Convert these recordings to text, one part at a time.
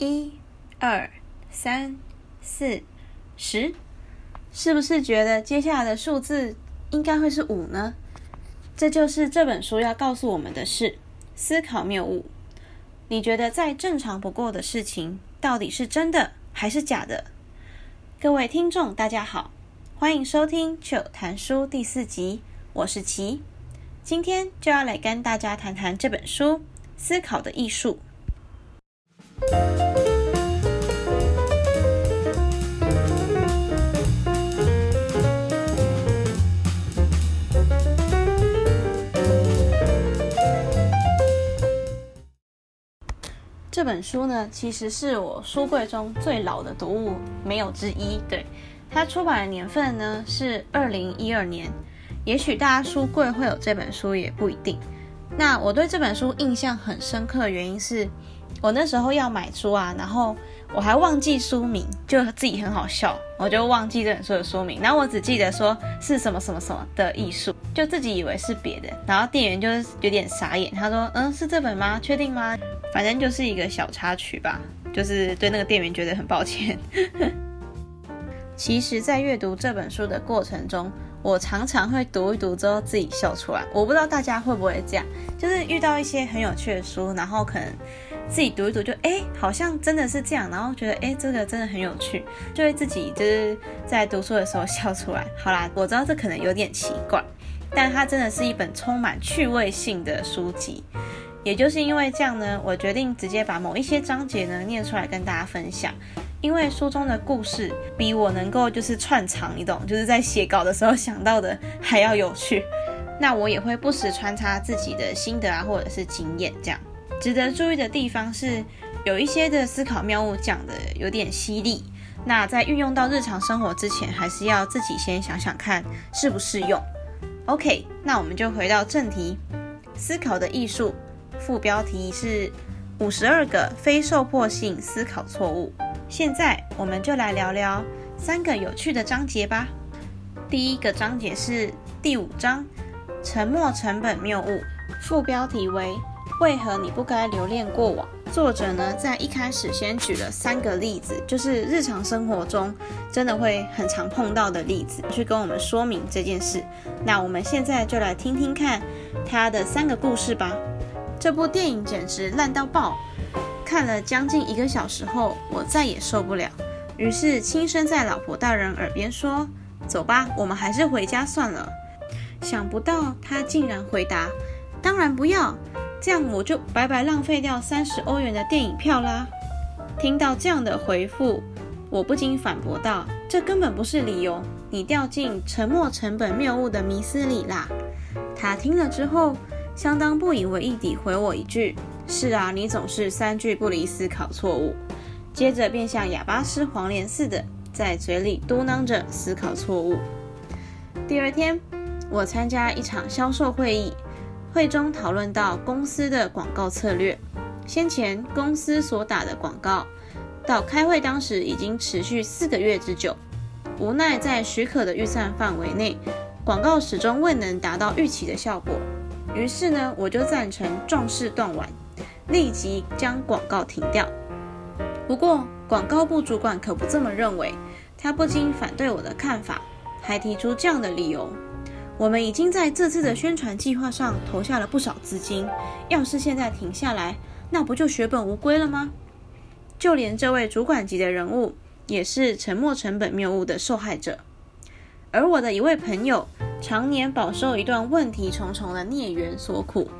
一、二、三、四、十，是不是覺得接下來的數字應該會是五呢？這就是這本書要告訴我們的事：思考謬誤。你覺得再正常不過的事情，到底是真的還是假的？各位聽眾，大家好，歡迎收聽《糗談書》第四集，我是奇。今天就要來跟大家談談這本書《思考的藝術》。這本書呢，其實是我書櫃中最老的讀物，沒有之一。對，它出版的年份呢是二零一二年。也許大家書櫃會有這本書，也不一定。那我對這本書印象很深刻的原因是，我那時候要買書啊，然後。我還忘記書名，就自己很好笑，我就忘記這本書的書名，然後我只記得說是什麼什麼什麼的藝術，就自己以為是別的，然後店員就是有點傻眼，他說：“嗯，是這本嗎？確定嗎？”反正就是一個小插曲吧，就是對那個店員覺得很抱歉。 其實，在閱讀這本書的過程中，我常常會讀一讀之後自己笑出來，我不知道大家會不會這樣，就是遇到一些很有趣的書，然後可能。自己讀一讀就，就、欸、哎，好像真的是這樣，然後覺得哎、欸，這個真的很有趣，就會自己就是在讀書的時候笑出來。好啦，我知道這可能有點奇怪，但它真的是一本充滿趣味性的書籍。也就是因為這樣呢，我決定直接把某一些章節呢念出來跟大家分享，因為書中的故事比我能夠就是串場，你懂，就是在寫稿的時候想到的還要有趣。那我也會不時穿插自己的心得啊，或者是經驗這樣。值得注意的地方是，有一些的思考謬誤講的有點犀利，那在運用到日常生活之前，還是要自己先想想看適不適用。OK，那我們就回到正題，思考的藝術，副標題是五十二個非受迫性思考錯誤。現在我們就來聊聊三個有趣的章節吧。第一個章節是第五章，沉沒成本謬誤，副標題為。為何你不該留戀過往？作者呢，在一開始先舉了三個例子，就是日常生活中真的會很常碰到的例子，去跟我們說明這件事。那我們現在就來聽聽看他的三個故事吧。這部電影簡直爛到爆，看了將近一個小時後，我再也受不了，於是輕聲在老婆大人耳邊說：“走吧，我們還是回家算了。”想不到她竟然回答：“當然不要。”這樣我就白白浪費掉三十歐元的電影票啦！聽到這樣的回復，我不禁反駁道：“這根本不是理由，你掉進沉沒成本謬誤的迷思裡啦！”他聽了之後，相當不以為意地回我一句：“是啊，你總是三句不離思考錯誤。”接着便像啞巴吃黃連似的，在嘴裡嘟囔着思考錯誤。第二天，我參加一場銷售會議。會中討論到公司的廣告策略，先前公司所打的廣告，到開會當時已經持續四個月之久，無奈在許可的預算範圍內，廣告始終未能達到預期的效果。於是呢，我就贊成壯士斷腕，立即將廣告停掉。不過廣告部主管可不這麼認為，他不僅反對我的看法，還提出這樣的理由。我們已經在這次的宣傳計劃上投下了不少資金，要是現在停下來，那不就血本無歸了嗎？就連這位主管級的人物也是沉沒成本謬誤的受害者。而我的一位朋友，常年飽受一段問題重重的孽緣所苦。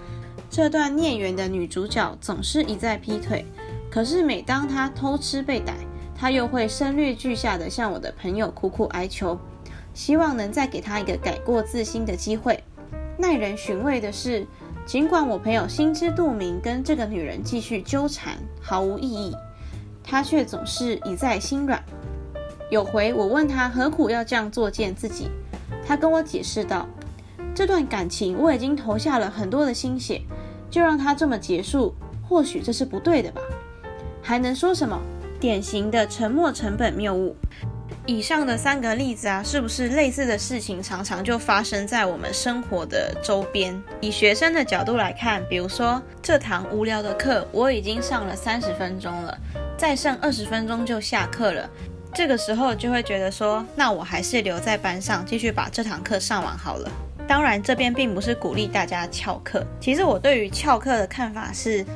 這段孽緣的女主角總是一再劈腿，可是每當她偷吃被逮，她又會聲淚俱下的向我的朋友苦苦哀求。希望能再給他一個改過自新的機會。耐人尋味的是，儘管我朋友心知肚明，跟這個女人繼續糾纏毫無意義，他卻總是一再心軟。有回我問他何苦要這樣作踐自己，他跟我解釋道：“這段感情我已經投下了很多的心血，就讓它這麼結束，或許這是不對的吧？”還能說什麼？典型的沉沒成本謬誤。以上的三個例子啊，是不是類似的事情常常就發生在我們生活的周邊？以學生的角度來看，比如說這堂無聊的課我已經上了三十分鐘了，再剩二十分鐘就下課了，這個時候就會覺得說，那我還是留在班上繼續把這堂課上完好了。當然，這邊並不是鼓勵大家翹課，其實我對於翹課的看法是。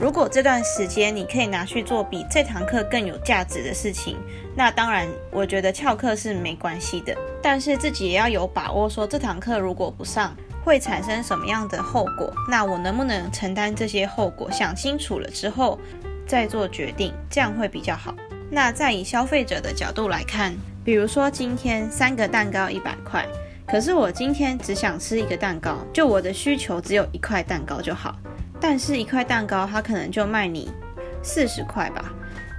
如果這段時間你可以拿去做比這堂課更有價值的事情，那當然我覺得翹課是沒關係的。但是自己也要有把握，說這堂課如果不上會產生什麼樣的後果，那我能不能承擔這些後果，想清楚了之後再做決定，這樣會比較好。那再以消費者的角度來看，比如說今天三個蛋糕一百塊，可是我今天只想吃一個蛋糕，就我的需求只有一塊蛋糕就好。但是，一塊蛋糕，它可能就賣你四十塊吧。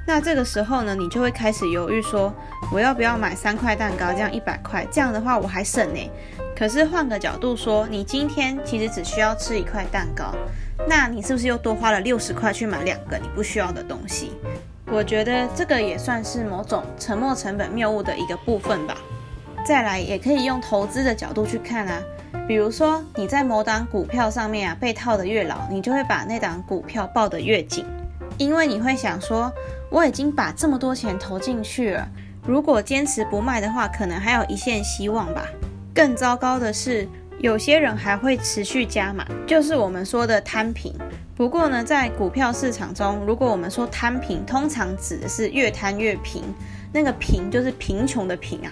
那這個時候呢，你就會開始猶豫說，說我要不要買三塊蛋糕，這樣一百塊，這樣的話我還省呢。可是換個角度說，你今天其實只需要吃一塊蛋糕，那你是不是又多花了六十塊去買兩個你不需要的東西？我覺得這個也算是某種沉沒成本謬誤的一個部分吧。再來，也可以用投資的角度去看啊。比如說，你在某檔股票上面啊，被套得越牢，你就會把那檔股票抱得越緊，因為你會想說，我已經把這麼多錢投進去了，如果堅持不賣的話，可能還有一線希望吧。更糟糕的是，有些人還會持續加碼，就是我們說的攤平。不過呢，在股票市場中，如果我們說攤平，通常指的是越攤越平，那個平就是貧窮的貧啊，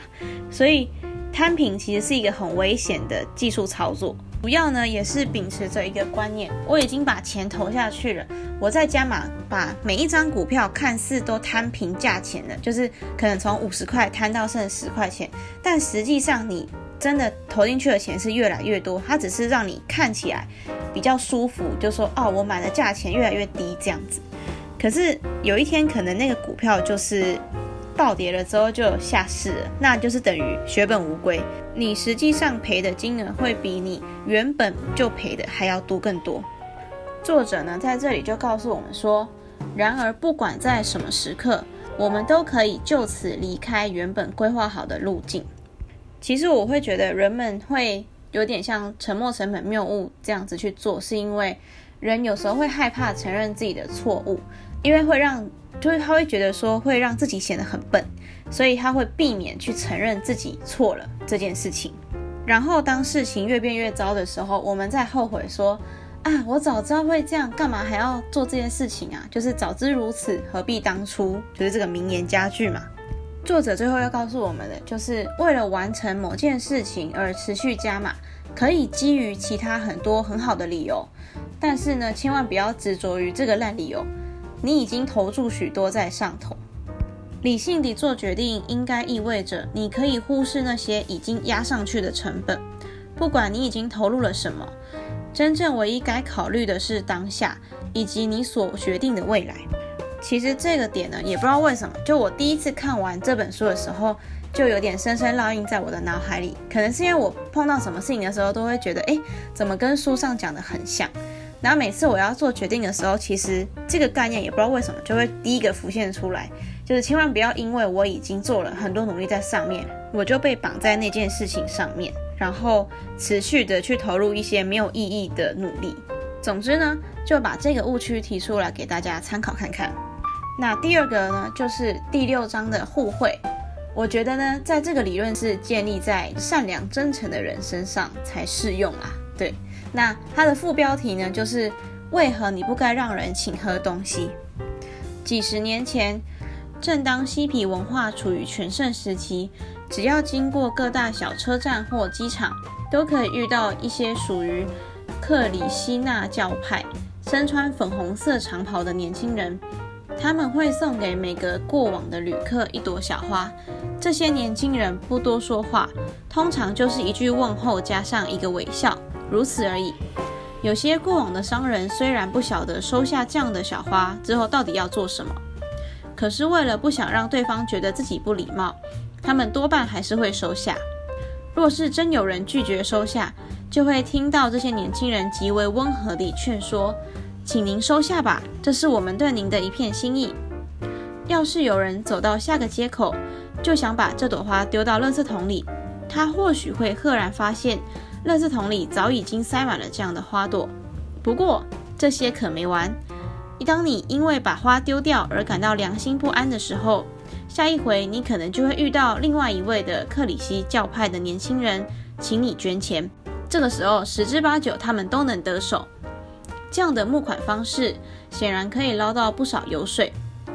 所以。攤平其實是一個很危險的技術操作，主要呢也是秉持着一個觀念，我已經把錢投下去了，我再加碼，把每一張股票看似都攤平價錢了，就是可能從五十塊攤到剩十塊錢，但實際上你真的投進去的錢是越來越多，它只是讓你看起來比較舒服，就說哦我買的價錢越來越低這樣子，可是有一天可能那個股票就是。暴跌了之後就下市了，那就是等於血本無歸。你實際上賠的金額會比你原本就賠的還要多更多。作者呢在這裡就告訴我們說，然而不管在什麼時刻，我們都可以就此離開原本規劃好的路徑。其實我會覺得人們會有點像沉沒成本謬誤這樣子去做，是因為人有時候會害怕承認自己的錯誤，因為會讓。就是他會覺得說會讓自己顯得很笨，所以他會避免去承認自己錯了這件事情。然後當事情越變越糟的時候，我們再後悔說啊，我早知道會這樣，幹嘛還要做這件事情啊？就是早知如此，何必當初？就是這個名言佳句嘛。作者最後要告訴我們的，就是為了完成某件事情而持續加碼，可以基於其他很多很好的理由，但是呢，千萬不要執着於這個爛理由。你已經投注許多在上頭，理性地做決定應該意味着你可以忽視那些已經壓上去的成本。不管你已經投入了什麼，真正唯一該考慮的是當下以及你所決定的未來。其實這個點呢，也不知道為什麼，就我第一次看完這本書的時候，就有點深深烙印在我的腦海裡。可能是因為我碰到什麼事情的時候，都會覺得，誒，怎麼跟書上講的很像？然後每次我要做決定的時候，其實這個概念也不知道為什麼就會第一個浮現出來，就是千萬不要因為我已經做了很多努力在上面，我就被綁在那件事情上面，然後持續的去投入一些沒有意義的努力。總之呢，就把這個誤區提出來給大家參考看看。那第二個呢，就是第六章的互惠，我覺得呢，在這個理論是建立在善良真誠的人身上才適用啊，對。那它的副標題呢？就是為何你不該讓人請喝東西？幾十年前，正當嬉皮文化處於全盛時期，只要經過各大小車站或機場，都可以遇到一些屬於克里希納教派、身穿粉紅色長袍的年輕人。他們會送給每個過往的旅客一朵小花。這些年輕人不多說話，通常就是一句問候加上一個微笑。如此而已。有些過往的商人雖然不曉得收下這樣的小花之後到底要做什麼，可是為了不想讓對方覺得自己不禮貌，他們多半還是會收下。若是真有人拒絕收下，就會聽到這些年輕人極為溫和地勸說：“請您收下吧，這是我們對您的一片心意。”要是有人走到下個街口，就想把這朵花丟到垃圾桶裡，他或許會赫然發現。垃圾桶裡早已經塞滿了這樣的花朵。不過這些可沒完。當你因為把花丟掉而感到良心不安的時候，下一回你可能就會遇到另外一位的克里希教派的年輕人，請你捐錢。這個時候十之八九他們都能得手。這樣的募款方式顯然可以撈到不少油水，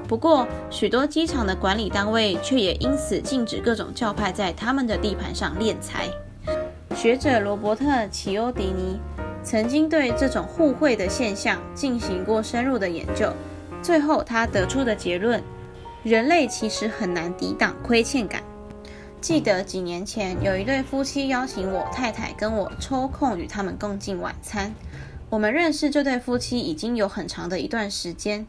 不過許多機場的管理單位卻也因此禁止各種教派在他們的地盤上斂財。學者羅伯特·齊歐迪尼曾經對這種互惠的現象進行過深入的研究，最後他得出的結論：人類其實很難抵擋虧欠感。記得幾年前，有一對夫妻邀請我太太跟我抽空與他們共進晚餐。我們認識這對夫妻已經有很長的一段時間，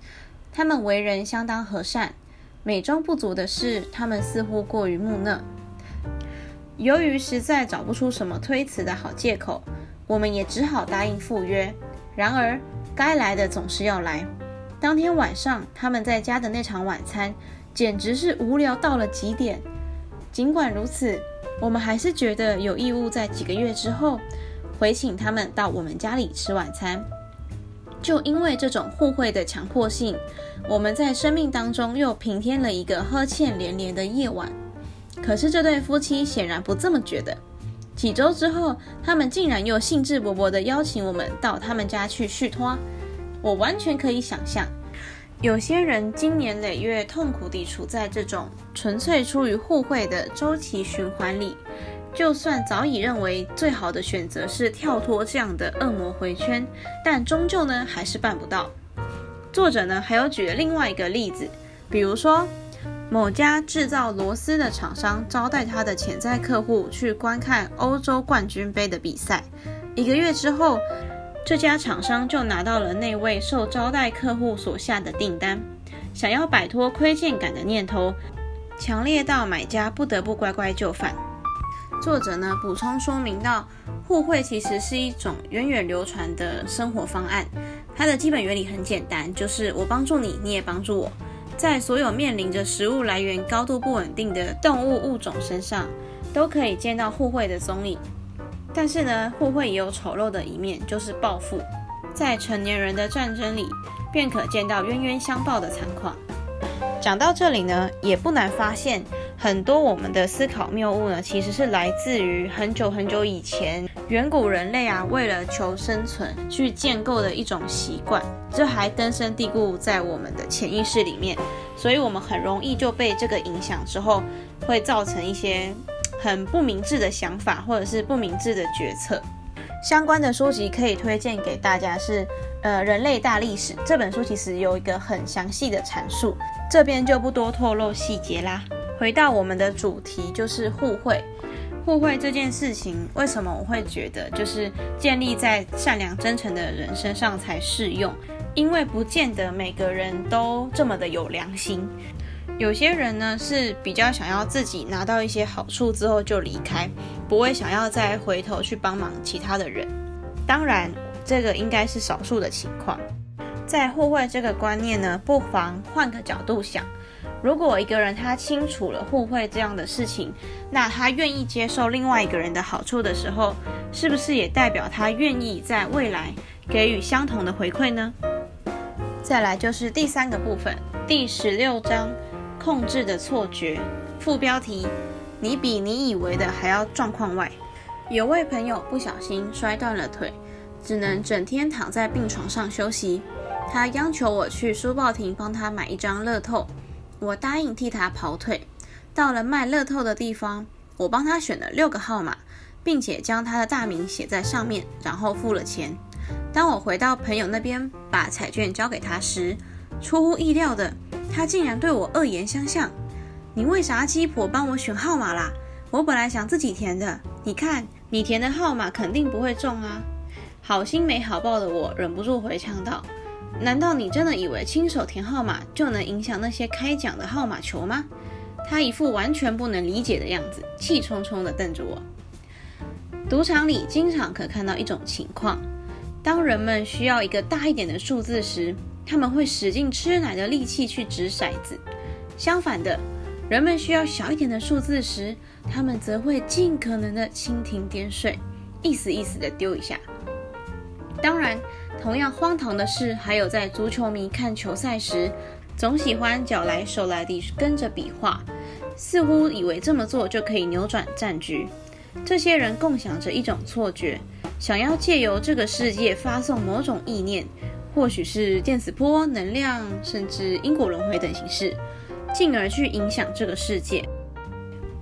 他們為人相當和善。美中不足的是，他們似乎過於木訥。由於實在找不出什麼推辭的好借口，我們也只好答應赴約。然而，該來的總是要來。當天晚上，他們在家的那場晚餐，簡直是無聊到了極點。儘管如此，我們還是覺得有義務在幾個月之後，回請他們到我們家裡吃晚餐。就因為這種互惠的強迫性，我們在生命當中又平添了一個呵欠連連的夜晚。可是這對夫妻顯然不這麼覺得。幾週之後，他們竟然又興致勃勃地邀請我們到他們家去續攤。我完全可以想象，有些人經年累月痛苦地處在這種純粹出於互惠的週期循環裡，就算早已認為最好的選擇是跳脫這樣的惡魔回圈，但終究呢還是辦不到。作者呢還有舉了另外一個例子，比如說。某家製造螺絲的廠商招待他的潛在客戶去觀看歐洲冠軍杯的比賽，一個月之後，這家廠商就拿到了那位受招待客戶所下的訂單。想要擺脫虧欠感的念頭，強烈到買家不得不乖乖就範。作者呢補充說明到，互惠其實是一種源遠流傳的生活方案，它的基本原理很簡單，就是我幫助你，你也幫助我。在所有面臨着食物來源高度不穩定的動物物種身上，都可以見到互惠的蹤影。但是呢，互惠也有醜陋的一面，就是報復。在成年人的戰爭裡，便可見到冤冤相報的慘況。講到這裡呢，也不難發現。很多我們的思考謬誤呢，其實是來自於很久很久以前，遠古人類啊，為了求生存去建構的一種習慣，這還根深蒂固在我們的潛意識裡面，所以我們很容易就被這個影響，之後會造成一些很不明智的想法，或者是不明智的決策。相關的書籍可以推薦給大家是，呃，《人類大歷史》這本書其實有一個很詳細的闡述，這邊就不多透露細節啦。回到我們的主題，就是互惠。互惠這件事情，為什麼我會覺得就是建立在善良真誠的人身上才適用？因為不見得每個人都這麼的有良心。有些人呢是比較想要自己拿到一些好處之後就離開，不會想要再回頭去幫忙其他的人。當然，這個應該是少數的情況。在互惠這個觀念呢，不妨換個角度想。如果一個人他清楚了互惠這樣的事情，那他願意接受另外一個人的好處的時候，是不是也代表他願意在未來給予相同的回饋呢？再來就是第三個部分，第十六章，控制的錯覺。副標題：你比你以為的還要狀況外。有位朋友不小心摔斷了腿，只能整天躺在病床上休息。他央求我去書報亭幫他買一張樂透。我答應替他跑腿，到了賣樂透的地方，我幫他選了六個號碼，並且將他的大名寫在上面，然後付了錢。當我回到朋友那邊，把彩券交給他時，出乎意料的，他竟然對我惡言相向：“你為啥雞婆幫我選號碼啦？我本來想自己填的。你看你填的號碼肯定不會中啊！”好心沒好報的我忍不住回嗆道。難道你真的以為親手填號碼就能影響那些開獎的號碼球嗎？他一副完全不能理解的樣子，氣沖沖地瞪着我。賭場裡經常可看到一種情況：當人們需要一個大一點的數字時，他們會使盡吃奶的力氣去擲骰子；相反的，人們需要小一點的數字時，他們則會盡可能的蜻蜓點水，意思意思的丟一下。當然，同樣荒唐的是，還有在足球迷看球賽時，總喜歡腳來手來地跟着比劃，似乎以為這麼做就可以扭轉戰局。這些人共享着一種錯覺，想要借由這個世界發送某種意念，或許是電磁波、能量，甚至因果輪回等形式，進而去影響這個世界。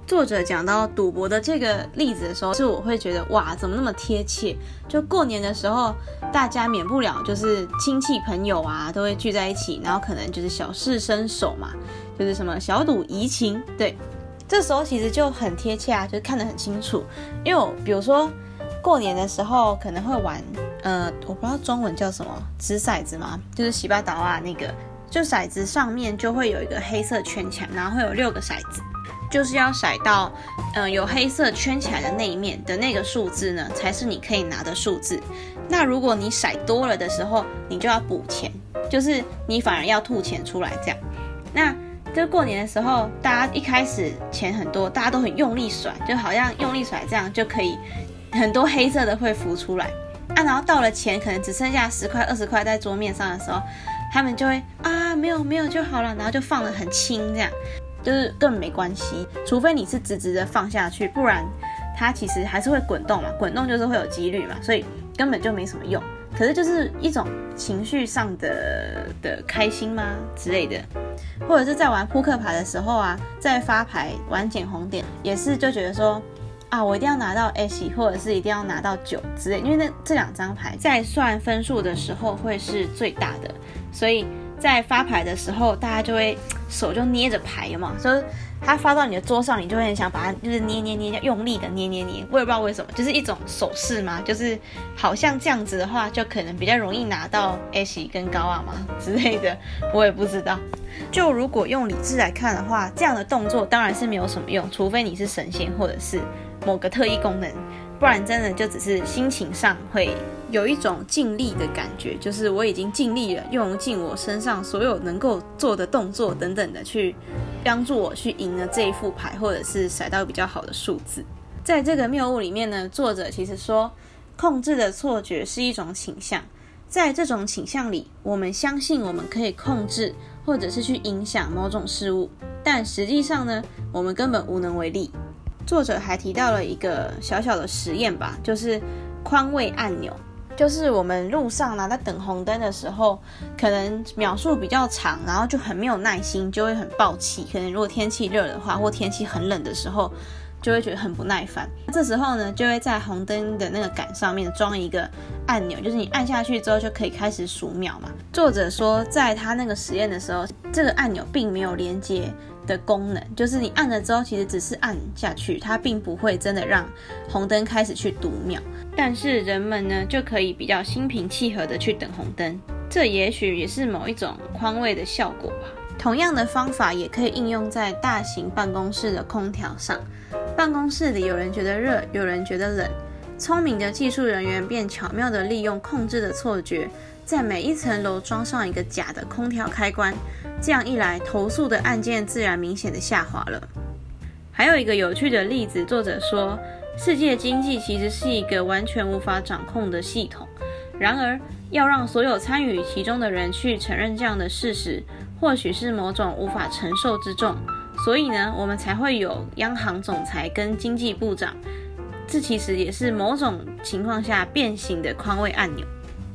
作者講到賭博的這個例子的時候，是我會覺得哇，怎麼那麼貼切？就過年的時候，大家免不了就是親戚朋友啊，都會聚在一起，然後可能就是小試身手嘛，就是什麼小賭怡情，對，這時候其實就很貼切啊，就看得很清楚。因為我比如說過年的時候可能會玩，呃，我不知道中文叫什麼，擲骰子嘛，就是洗八刀啊那個，就骰子上面就會有一個黑色圈圈，然後會有六個骰子。就是要甩到，嗯、呃，有黑色圈起來的那一面的那個數字呢，才是你可以拿的數字。那如果你甩多了的時候，你就要補錢，就是你反而要吐錢出來這樣。那這過年的時候，大家一開始錢很多，大家都很用力甩，就好像用力甩這樣就可以，很多黑色的會浮出來啊。然後到了錢可能只剩下十塊二十塊在桌面上的時候，他們就會啊，沒有沒有，就好了，然後就放得很輕這樣。就是更沒關係，除非你是直直的放下去，不然它其實還是會滾動嘛，滾動就是會有幾率嘛，所以根本就沒什麼用。可是就是一種情緒上的的開心嗎之類的，或者是在玩撲克牌的時候啊，在發牌玩撿紅點也是就覺得說啊，我一定要拿到 A 或者是一定要拿到九之類的，因為那這兩張牌在算分數的時候會是最大的，所以。在發牌的時候，大家就會手就捏着牌嘛，所以他發到你的桌上，你就會很想把它就是捏捏捏，用力的捏捏捏。我也不知道為什麼，就是一種手勢嘛，就是好像這樣子的話，就可能比較容易拿到 A 跟高啊嘛之類的。我也不知道。就如果用理智來看的話，這樣的動作當然是沒有什麼用，除非你是神仙或者是某個特異功能。不然真的就只是心情上會有一種盡力的感覺，就是我已經盡力了，用盡我身上所有能夠做的動作等等的去幫助我去贏了這一副牌，或者是骰到比較好的數字。在這個謬誤裡面呢，作者其實說，控制的錯覺是一種傾向，在這種傾向裡，我們相信我們可以控制或者是去影響某種事物，但實際上呢，我們根本無能為力。作者還提到了一個小小的實驗吧，就是寬慰按鈕，就是我們路上呢，在等紅燈的時候，可能秒數比較長，然後就很沒有耐心，就會很爆氣。可能如果天氣熱的話，或天氣很冷的時候，就會覺得很不耐煩。這時候呢，就會在紅燈的那個桿上面裝一個按鈕，就是你按下去之後就可以開始數秒嘛。作者說，在他那個實驗的時候，這個按鈕並沒有連接。的功能，就是你按了之後，其實只是按下去，它並不會真的讓紅燈開始去讀秒，但是人們呢就可以比較心平氣和地去等紅燈，這也許也是某一種寬慰的效果吧。同樣的方法也可以應用在大型辦公室的空調上，辦公室裡有人覺得熱，有人覺得冷，聰明的技術人員便巧妙地利用控制的錯覺。在每一層樓裝上一個假的空調開關，這樣一來投訴的案件自然明顯的下滑了。還有一個有趣的例子，作者說，世界經濟其實是一個完全無法掌控的系統，然而要讓所有參與其中的人去承認這樣的事實，或許是某種無法承受之重。所以呢，我們才會有央行總裁跟經濟部長，這其實也是某種情況下變形的寬慰按鈕。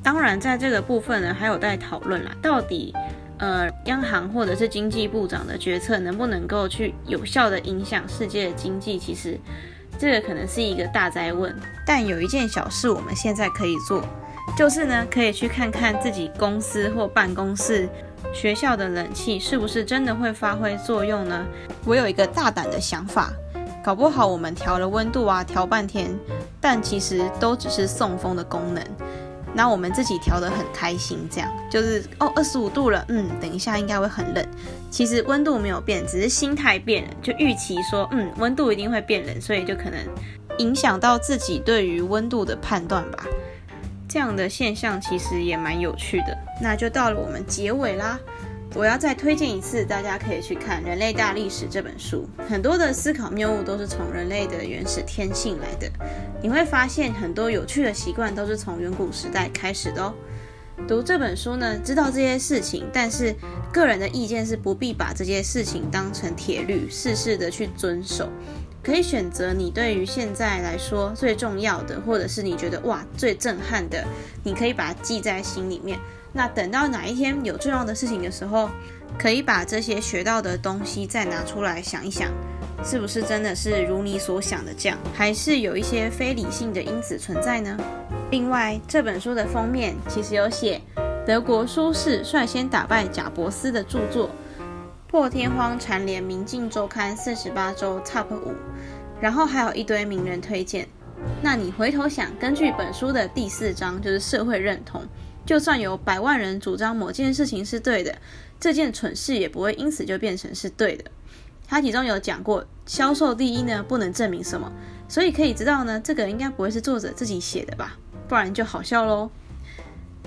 當然，在這個部分呢，還有待討論啦。到底，呃，央行或者是經濟部長的決策能不能夠去有效地影響世界的經濟？其實，這個可能是一個大哉問。但有一件小事，我們現在可以做，就是呢，可以去看看自己公司或辦公室、學校的冷氣是不是真的會發揮作用呢？我有一個大膽的想法，搞不好我們調了溫度啊，調半天，但其實都只是送風的功能。那我們自己調得很開心，這樣就是哦，二十五度了。嗯，等一下應該會很冷。其實溫度沒有變，只是心態變了，就預期說，嗯，溫度一定會變冷，所以就可能影響到自己對於溫度的判斷吧。這樣的現象其實也蠻有趣的。那就到了我們結尾啦。我要再推薦一次，大家可以去看《人類大歷史》這本書，很多的思考謬誤都是從人類的原始天性來的，你會發現很多有趣的習慣都是從遠古時代開始的哦。讀這本書呢，知道這些事情，但是個人的意見是不必把這些事情當成鐵律，事事的去遵守。可以選擇你對於現在來說最重要的，或者是你覺得哇最震撼的，你可以把它記在心裡面。那等到哪一天有重要的事情的時候，可以把這些學到的東西再拿出來想一想，是不是真的是如你所想的這樣，還是有一些非理性的因子存在呢？另外，這本書的封面其實有寫德國書市率先打敗賈伯斯的著作，破天荒蟬聯《明鏡周刊》四十八周 TOP 五，然後還有一堆名人推薦。那你回頭想，根據本書的第四章就是社會認同。就算有百萬人主張某件事情是對的，這件蠢事也不會因此就變成是對的。它其中有講過，銷售第一呢，不能證明什麼，所以可以知道呢，這個應該不會是作者自己寫的吧？不然就好笑嘍。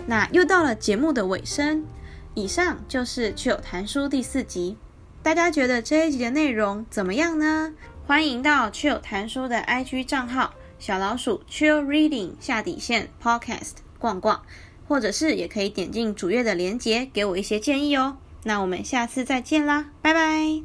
那又到了節目的尾聲，以上就是趣友談書第四集。大家覺得這一集的內容怎麼樣呢？歡迎到趣友談書的 IG 賬號小老鼠 Chill Reading 下底線 Podcast 逛逛。或者是也可以點進主頁的連結，給我一些建議哦。那我們下次再見啦，拜拜。